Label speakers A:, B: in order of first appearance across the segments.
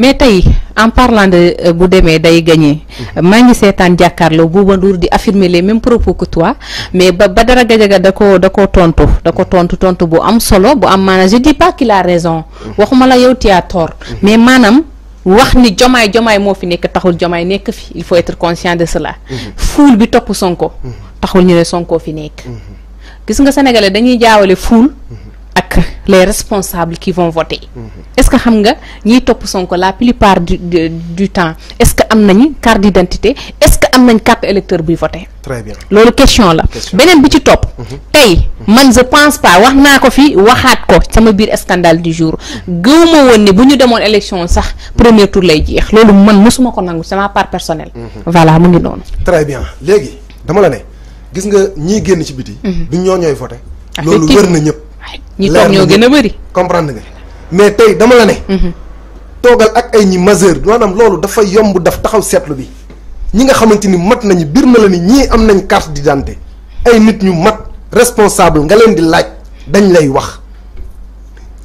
A: mais tay en parlant de euh, bu demee day gagner mhm. mangi ngi diakarlo bu Bouba Ndour di affirmer les mêmes propos que toi mais ba Badara Gadiaga da dako tontou ko tontu da tontu tontu bu am solo bu am maanaam je dis pas qu'il a raison mhm. waxuma la yow tu tort mhm. mais manam wax ni jomay jomay mo fi nek taxul jomay nek fi il faut être conscient de cela fuul bi top Sonko taxul ñu né Sonko fi nek gis nga sénégalais dañuy jaawale fuul ak les responsables qui vont voter est-ce que xam nga ñiy topp Sonko la plupart du du temps est-ce que am nañ carte d'identité est-ce que am nañ carte électeur buy voter très bien loolu question là. Benen bi ci top. Mhm. Tay man je pense pas wax ko fi waxat ko sama bir scandale du jour gëwuma woon ni bu ñu élection sax premier tour lay
B: jeex Lolu man mosuma ko nangu sama part personnelle mhm. voilà mu ngi non. très bien Légui dama la né gis nga ñi génn ci biti mhm. du ñoo voter Lolu wër na ñëpp
A: ñi toog ñoo gën
B: a bari comprendre nga mais tey dama la ne. Mhm. toogal ak ay ñi majeur maanaam loolu dafa yomb daf taxaw seetlu bi ñi nga xamante ni mat nañu biir na la ni ñii am nañ carte d'identité ay nit ñu mat responsable nga leen di laaj dañ lay wax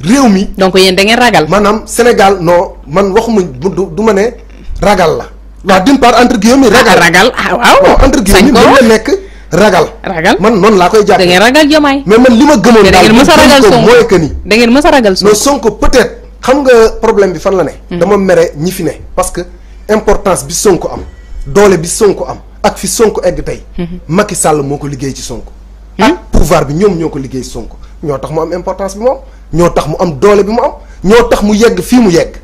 B: réew mi. donc yéen da ngeen ragal. maanaam Sénégal non man waxuma du ma ne ragal la. waaw d'une part entre guillemets ragal ah, ragal ah waaw. entre guillemets nekk. ragal. ragal man non la koy jàppee. da ngeen ragal jomay mais man lima geumon da ngeen mës ragal Sonko mooy que ni. da ngeen mës ragal Sonko non Sonko peut-être xam nga problème bi fan la ne. Mhm. dama méré ñi fi ne parce que importance bi Sonko am doole bi Sonko am ak fi Sonko egg tay mhm. Macky Sall moko ko liggéey ci Sonko. Hmm? ak pouvoir bi ñom ñoko ko liggéey Sonko ño tax mu am importance bi mom am tax mu am doole bi mu am ño tax mu yegg fi mu yegg.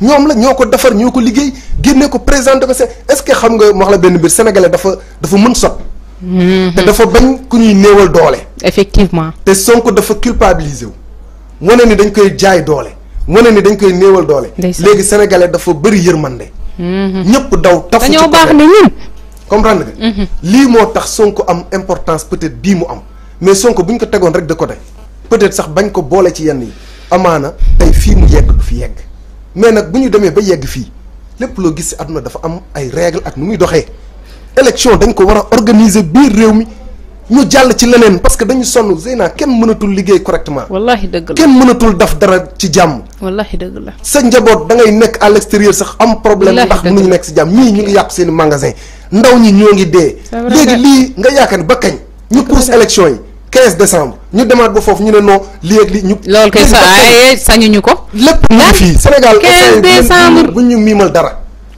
B: ñom la ñoo ko defar ñoo ko liggéey génné ko présenté ko c'est. est-ce que xam nga wax la benn bir sénégalais dafa dafa mën sot Mhm. te dafa bañ ku ñuy néewal doole. effectivement té Sonko dafa culpabiliser wu. wane ni dañ koy jaay doole wane ni dañ koy néewal doole. légui sénégalais dafa bëri hmm ñëpp daw tafu dañu bax baax ñun. comprendre nga. Mhm. li mo tax Sonko am importance peut-être bii mu am mais Sonko buñ ko tégon rek de côté peut-être sax bañ ko boole ci yenn yi amana tay fi mu yegg du fi yegg mais nak buñu démé ba yegg fi lépp lo gis si àdduna dafa am ay règles ak nu muy doxé élection dañ ko war a organiser biir réew mi ñu jàll ci leneen parce que dañu sonn Zeyna kenn mënatul liggéey correctement. wallaahi dëgg la kenn mënatul daf dara ci jàmm.
A: wallaahi dëgg la.
B: sa njaboot da ngay nekk à l'extérieur sax am problème. ndax mënuñu nekk si jàmm ñii ñu ngi yàq seen magasin ndaw ñi ñoo ngi dee. léegi lii nga yaakaar ne ba kañ. ñu pousse élection yi quinze décembre ñu demaat ba foofu ñu ne non lii ak lii ñu. loolu kay sañuñu ko. lépp ñu fii Sénégal 15 bu ñu miimal dara.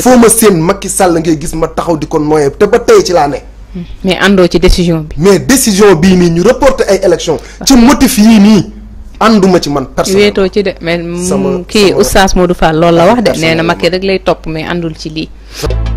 B: foo ma seen Macky Sall ngay gis ma taxaw di kon moyen te ba tey ci laa ne. Hmm. mais àndoo ci décision bi. mais décision bii nii ñu reporter ay élections ci motif yii nii ànduma ci man. personne
A: wéetoo ci de mais kii Oustaz Modou Fall loolu la wax de nee na Macky rek lay topp mais àndul ci lii.